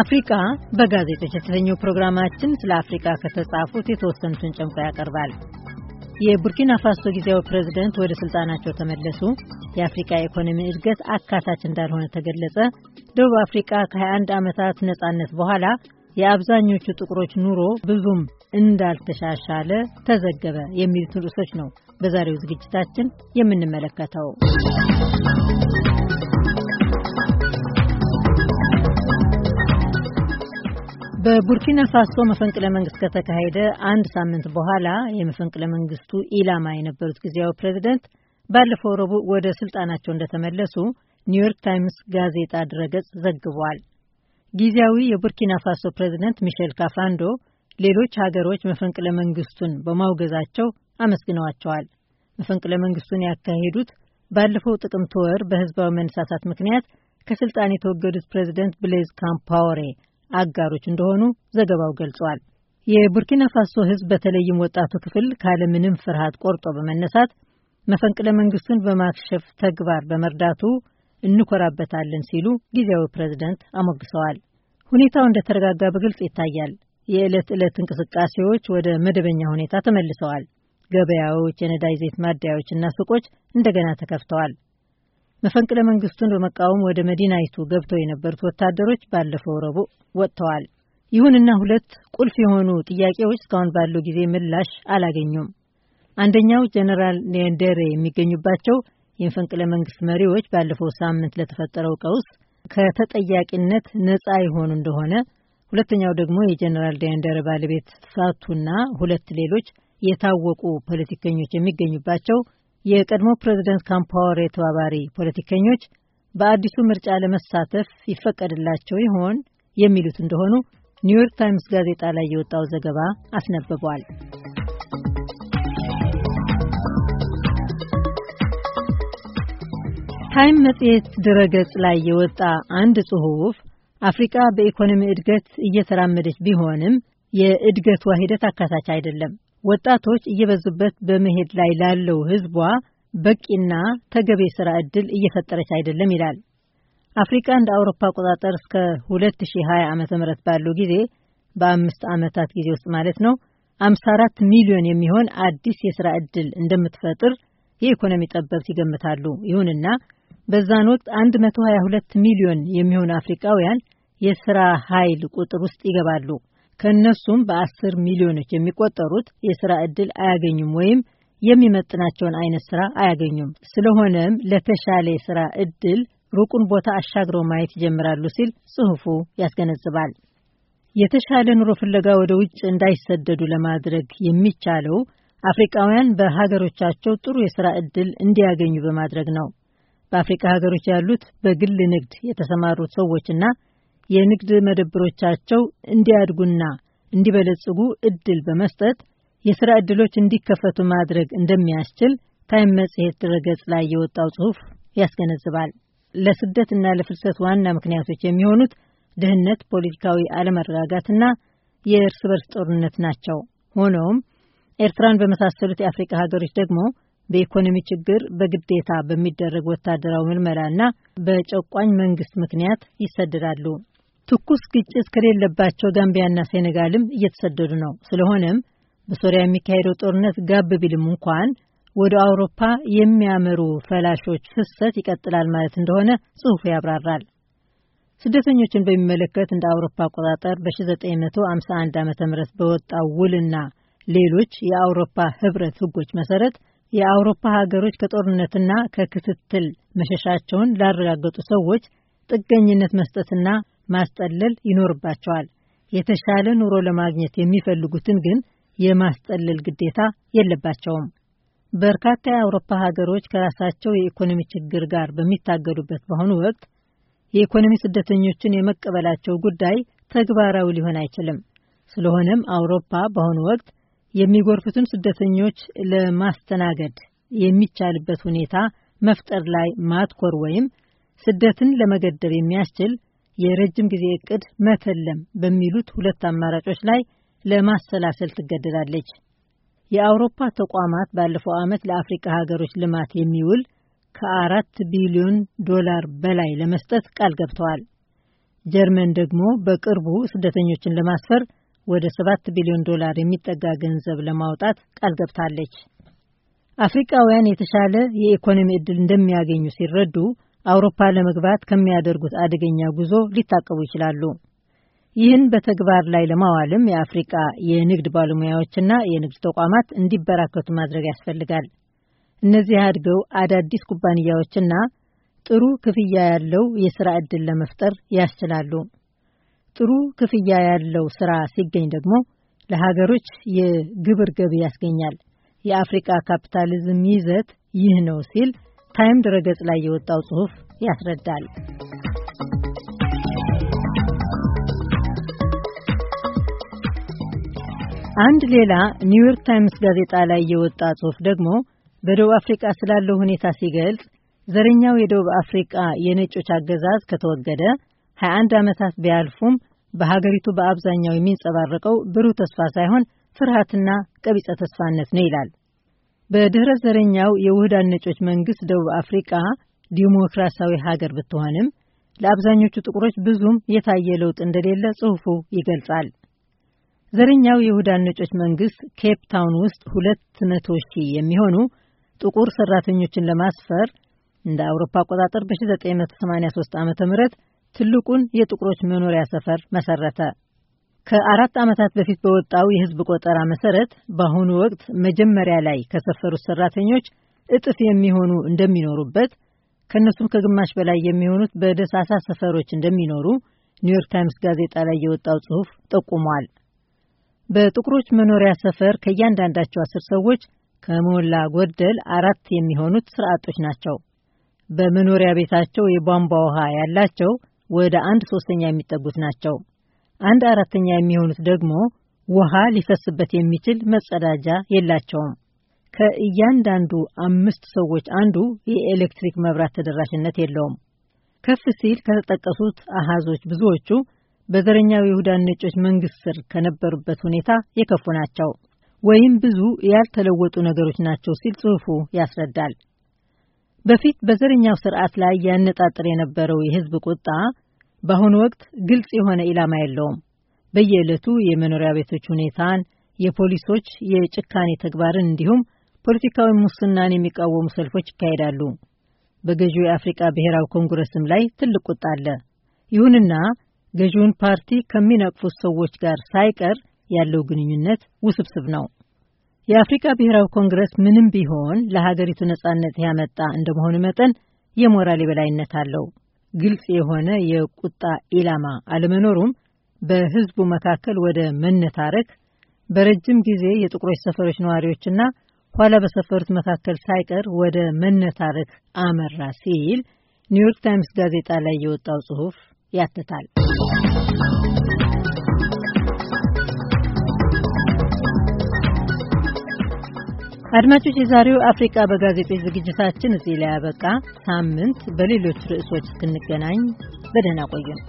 አፍሪካ በጋዜጦች የተሰኘው ፕሮግራማችን ስለ አፍሪካ ከተጻፉት የተወሰኑትን ጨምቆ ያቀርባል። የቡርኪና ፋሶ ጊዜያዊ ፕሬዝደንት ወደ ስልጣናቸው ተመለሱ፣ የአፍሪካ ኢኮኖሚ እድገት አካታች እንዳልሆነ ተገለጸ፣ ደቡብ አፍሪካ ከ21 ዓመታት ነጻነት በኋላ የአብዛኞቹ ጥቁሮች ኑሮ ብዙም እንዳልተሻሻለ ተዘገበ የሚሉትን ርዕሶች ነው በዛሬው ዝግጅታችን የምንመለከተው። በቡርኪና ፋሶ መፈንቅለ መንግስት ከተካሄደ አንድ ሳምንት በኋላ የመፈንቅለ መንግስቱ ኢላማ የነበሩት ጊዜያዊ ፕሬዚደንት ባለፈው ረቡዕ ወደ ስልጣናቸው እንደተመለሱ ኒውዮርክ ታይምስ ጋዜጣ ድረገጽ ዘግቧል። ጊዜያዊ የቡርኪና ፋሶ ፕሬዚደንት ሚሼል ካፋንዶ ሌሎች ሀገሮች መፈንቅለ መንግስቱን በማውገዛቸው አመስግነዋቸዋል። መፈንቅለ መንግስቱን ያካሄዱት ባለፈው ጥቅምት ወር በህዝባዊ መነሳሳት ምክንያት ከስልጣን የተወገዱት ፕሬዚደንት ብሌዝ ካምፓወሬ አጋሮች እንደሆኑ ዘገባው ገልጿል። የቡርኪና ፋሶ ህዝብ በተለይም ወጣቱ ክፍል ካለምንም ፍርሃት ቆርጦ በመነሳት መፈንቅለ መንግስቱን በማክሸፍ ተግባር በመርዳቱ እንኮራበታለን ሲሉ ጊዜያዊ ፕሬዝደንት አሞግሰዋል። ሁኔታው እንደተረጋጋ በግልጽ ይታያል። የዕለት ዕለት እንቅስቃሴዎች ወደ መደበኛ ሁኔታ ተመልሰዋል። ገበያዎች፣ የነዳጅ ዘይት ማደያዎችና ሱቆች እንደገና ተከፍተዋል። መፈንቅለ መንግስቱን በመቃወም ወደ መዲናይቱ ገብተው የነበሩት ወታደሮች ባለፈው ረቡዕ ወጥተዋል። ይሁንና ሁለት ቁልፍ የሆኑ ጥያቄዎች እስካሁን ባለው ጊዜ ምላሽ አላገኙም። አንደኛው ጀነራል ኔንደሬ የሚገኙባቸው የመፈንቅለ መንግስት መሪዎች ባለፈው ሳምንት ለተፈጠረው ቀውስ ከተጠያቂነት ነጻ የሆኑ እንደሆነ፣ ሁለተኛው ደግሞ የጀነራል ዴንደር ባለቤት ሳቱና ሁለት ሌሎች የታወቁ ፖለቲከኞች የሚገኙባቸው የቀድሞ ፕሬዚደንት ካምፓወሬ ተባባሪ ፖለቲከኞች በአዲሱ ምርጫ ለመሳተፍ ይፈቀድላቸው ይሆን የሚሉት እንደሆኑ ኒውዮርክ ታይምስ ጋዜጣ ላይ የወጣው ዘገባ አስነብቧል። ታይም መጽሔት ድረገጽ ላይ የወጣ አንድ ጽሑፍ አፍሪቃ በኢኮኖሚ እድገት እየተራመደች ቢሆንም የእድገቷ ሂደት አካታች አይደለም፣ ወጣቶች እየበዙበት በመሄድ ላይ ላለው ህዝቧ በቂና ተገቢ የስራ እድል እየፈጠረች አይደለም ይላል። አፍሪካ እንደ አውሮፓ አቆጣጠር እስከ 2020 ዓ ም ባለው ጊዜ በአምስት ዓመታት ጊዜ ውስጥ ማለት ነው 54 ሚሊዮን የሚሆን አዲስ የስራ እድል እንደምትፈጥር የኢኮኖሚ ጠበብት ይገምታሉ። ይሁንና በዛን ወቅት 122 ሚሊዮን የሚሆኑ አፍሪካውያን የስራ ኃይል ቁጥር ውስጥ ይገባሉ። ከእነሱም በአስር ሚሊዮኖች የሚቆጠሩት የሥራ ዕድል አያገኙም ወይም የሚመጥናቸውን አይነት ሥራ አያገኙም። ስለሆነም ለተሻለ የሥራ ዕድል ሩቁን ቦታ አሻግረው ማየት ይጀምራሉ ሲል ጽሑፉ ያስገነዝባል። የተሻለ ኑሮ ፍለጋ ወደ ውጭ እንዳይሰደዱ ለማድረግ የሚቻለው አፍሪቃውያን በሀገሮቻቸው ጥሩ የሥራ ዕድል እንዲያገኙ በማድረግ ነው። በአፍሪካ ሀገሮች ያሉት በግል ንግድ የተሰማሩት ሰዎችና የንግድ መደብሮቻቸው እንዲያድጉና እንዲበለጽጉ እድል በመስጠት የሥራ እድሎች እንዲከፈቱ ማድረግ እንደሚያስችል ታይም መጽሔት ድረገጽ ላይ የወጣው ጽሑፍ ያስገነዝባል። ለስደትና ለፍልሰት ዋና ምክንያቶች የሚሆኑት ድህነት፣ ፖለቲካዊ አለመረጋጋትና የእርስ በርስ ጦርነት ናቸው። ሆኖም ኤርትራን በመሳሰሉት የአፍሪካ ሀገሮች ደግሞ በኢኮኖሚ ችግር በግዴታ በሚደረግ ወታደራዊ ምልመላና በጨቋኝ መንግስት ምክንያት ይሰደዳሉ። ትኩስ ግጭት ከሌለባቸው ጋምቢያና ሴኔጋልም እየተሰደዱ ነው። ስለሆነም በሶሪያ የሚካሄደው ጦርነት ጋብ ቢልም እንኳን ወደ አውሮፓ የሚያመሩ ፈላሾች ፍሰት ይቀጥላል ማለት እንደሆነ ጽሑፉ ያብራራል። ስደተኞችን በሚመለከት እንደ አውሮፓ አቆጣጠር በ1951 ዓ ም በወጣው ውልና ሌሎች የአውሮፓ ህብረት ህጎች መሰረት የአውሮፓ ሀገሮች ከጦርነትና ከክትትል መሸሻቸውን ላረጋገጡ ሰዎች ጥገኝነት መስጠትና ማስጠለል ይኖርባቸዋል። የተሻለ ኑሮ ለማግኘት የሚፈልጉትን ግን የማስጠለል ግዴታ የለባቸውም። በርካታ የአውሮፓ ሀገሮች ከራሳቸው የኢኮኖሚ ችግር ጋር በሚታገሉበት በአሁኑ ወቅት የኢኮኖሚ ስደተኞችን የመቀበላቸው ጉዳይ ተግባራዊ ሊሆን አይችልም። ስለሆነም አውሮፓ በአሁኑ ወቅት የሚጎርፉትን ስደተኞች ለማስተናገድ የሚቻልበት ሁኔታ መፍጠር ላይ ማትኮር ወይም ስደትን ለመገደብ የሚያስችል የረጅም ጊዜ እቅድ መተለም በሚሉት ሁለት አማራጮች ላይ ለማሰላሰል ትገደዳለች። የአውሮፓ ተቋማት ባለፈው ዓመት ለአፍሪካ ሀገሮች ልማት የሚውል ከአራት ቢሊዮን ዶላር በላይ ለመስጠት ቃል ገብተዋል። ጀርመን ደግሞ በቅርቡ ስደተኞችን ለማስፈር ወደ ሰባት ቢሊዮን ዶላር የሚጠጋ ገንዘብ ለማውጣት ቃል ገብታለች። አፍሪቃውያን የተሻለ የኢኮኖሚ ዕድል እንደሚያገኙ ሲረዱ አውሮፓ ለመግባት ከሚያደርጉት አደገኛ ጉዞ ሊታቀቡ ይችላሉ። ይህን በተግባር ላይ ለማዋልም የአፍሪቃ የንግድ ባለሙያዎችና የንግድ ተቋማት እንዲበራከቱ ማድረግ ያስፈልጋል። እነዚህ አድገው አዳዲስ ኩባንያዎችና ጥሩ ክፍያ ያለው የስራ ዕድል ለመፍጠር ያስችላሉ። ጥሩ ክፍያ ያለው ስራ ሲገኝ ደግሞ ለሀገሮች የግብር ገቢ ያስገኛል። የአፍሪቃ ካፒታሊዝም ይዘት ይህ ነው ሲል ታይም ድረገጽ ላይ የወጣው ጽሑፍ ያስረዳል። አንድ ሌላ ኒውዮርክ ታይምስ ጋዜጣ ላይ የወጣ ጽሑፍ ደግሞ በደቡብ አፍሪቃ ስላለው ሁኔታ ሲገልጽ ዘረኛው የደቡብ አፍሪቃ የነጮች አገዛዝ ከተወገደ 21 ዓመታት ቢያልፉም በሀገሪቱ በአብዛኛው የሚንጸባረቀው ብሩህ ተስፋ ሳይሆን ፍርሃትና ቀቢጸ ተስፋነት ነው ይላል። በድህረ ዘረኛው የውህዳን ነጮች መንግስት ደቡብ አፍሪቃ ዲሞክራሲያዊ ሀገር ብትሆንም ለአብዛኞቹ ጥቁሮች ብዙም የታየ ለውጥ እንደሌለ ጽሑፉ ይገልጻል። ዘረኛው የውህዳን ነጮች መንግስት ኬፕ ታውን ውስጥ ሁለት መቶ ሺህ የሚሆኑ ጥቁር ሰራተኞችን ለማስፈር እንደ አውሮፓ አቆጣጠር በ1983 ዓ ም ትልቁን የጥቁሮች መኖሪያ ሰፈር መሰረተ። ከአራት ዓመታት በፊት በወጣው የህዝብ ቆጠራ መሰረት በአሁኑ ወቅት መጀመሪያ ላይ ከሰፈሩት ሰራተኞች እጥፍ የሚሆኑ እንደሚኖሩበት ከእነሱም ከግማሽ በላይ የሚሆኑት በደሳሳ ሰፈሮች እንደሚኖሩ ኒውዮርክ ታይምስ ጋዜጣ ላይ የወጣው ጽሑፍ ጠቁሟል። በጥቁሮች መኖሪያ ሰፈር ከእያንዳንዳቸው አስር ሰዎች ከሞላ ጎደል አራት የሚሆኑት ስርዓቶች ናቸው። በመኖሪያ ቤታቸው የቧንቧ ውሃ ያላቸው ወደ አንድ ሶስተኛ የሚጠጉት ናቸው። አንድ አራተኛ የሚሆኑት ደግሞ ውሃ ሊፈስበት የሚችል መጸዳጃ የላቸውም። ከእያንዳንዱ አምስት ሰዎች አንዱ የኤሌክትሪክ መብራት ተደራሽነት የለውም። ከፍ ሲል ከተጠቀሱት አሃዞች ብዙዎቹ በዘረኛው ይሁዳን ነጮች መንግስት ስር ከነበሩበት ሁኔታ የከፉ ናቸው ወይም ብዙ ያልተለወጡ ነገሮች ናቸው ሲል ጽሑፉ ያስረዳል። በፊት በዘረኛው ስርዓት ላይ ያነጣጥር የነበረው የህዝብ ቁጣ በአሁኑ ወቅት ግልጽ የሆነ ኢላማ የለውም። በየዕለቱ የመኖሪያ ቤቶች ሁኔታን፣ የፖሊሶች የጭካኔ ተግባርን እንዲሁም ፖለቲካዊ ሙስናን የሚቃወሙ ሰልፎች ይካሄዳሉ። በገዢው የአፍሪቃ ብሔራዊ ኮንግረስም ላይ ትልቅ ቁጣ አለ። ይሁንና ገዢውን ፓርቲ ከሚነቅፉት ሰዎች ጋር ሳይቀር ያለው ግንኙነት ውስብስብ ነው። የአፍሪቃ ብሔራዊ ኮንግረስ ምንም ቢሆን ለሀገሪቱ ነጻነት ያመጣ እንደመሆኑ መጠን የሞራል የበላይነት አለው። ግልጽ የሆነ የቁጣ ኢላማ አለመኖሩም በህዝቡ መካከል ወደ መነታረክ በረጅም ጊዜ የጥቁሮች ሰፈሮች ነዋሪዎችና ኋላ በሰፈሩት መካከል ሳይቀር ወደ መነታረክ አመራ ሲል ኒውዮርክ ታይምስ ጋዜጣ ላይ የወጣው ጽሑፍ ያትታል። አድማጮች፣ የዛሬው አፍሪካ በጋዜጦች ዝግጅታችን እዚህ ላይ ያበቃ። ሳምንት በሌሎች ርዕሶች እስክንገናኝ በደህና ቆዩን።